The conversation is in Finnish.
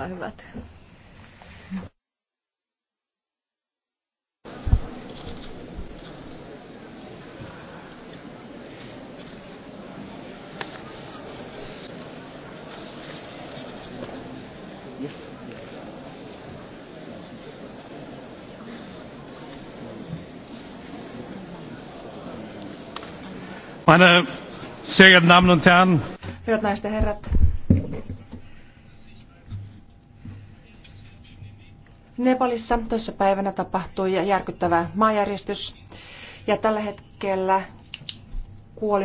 olkaa hyvät. Meine sehr geehrten Damen und Herren, ja herrat, Nepalissa toisessa päivänä tapahtui järkyttävä maanjäristys ja tällä hetkellä kuolinut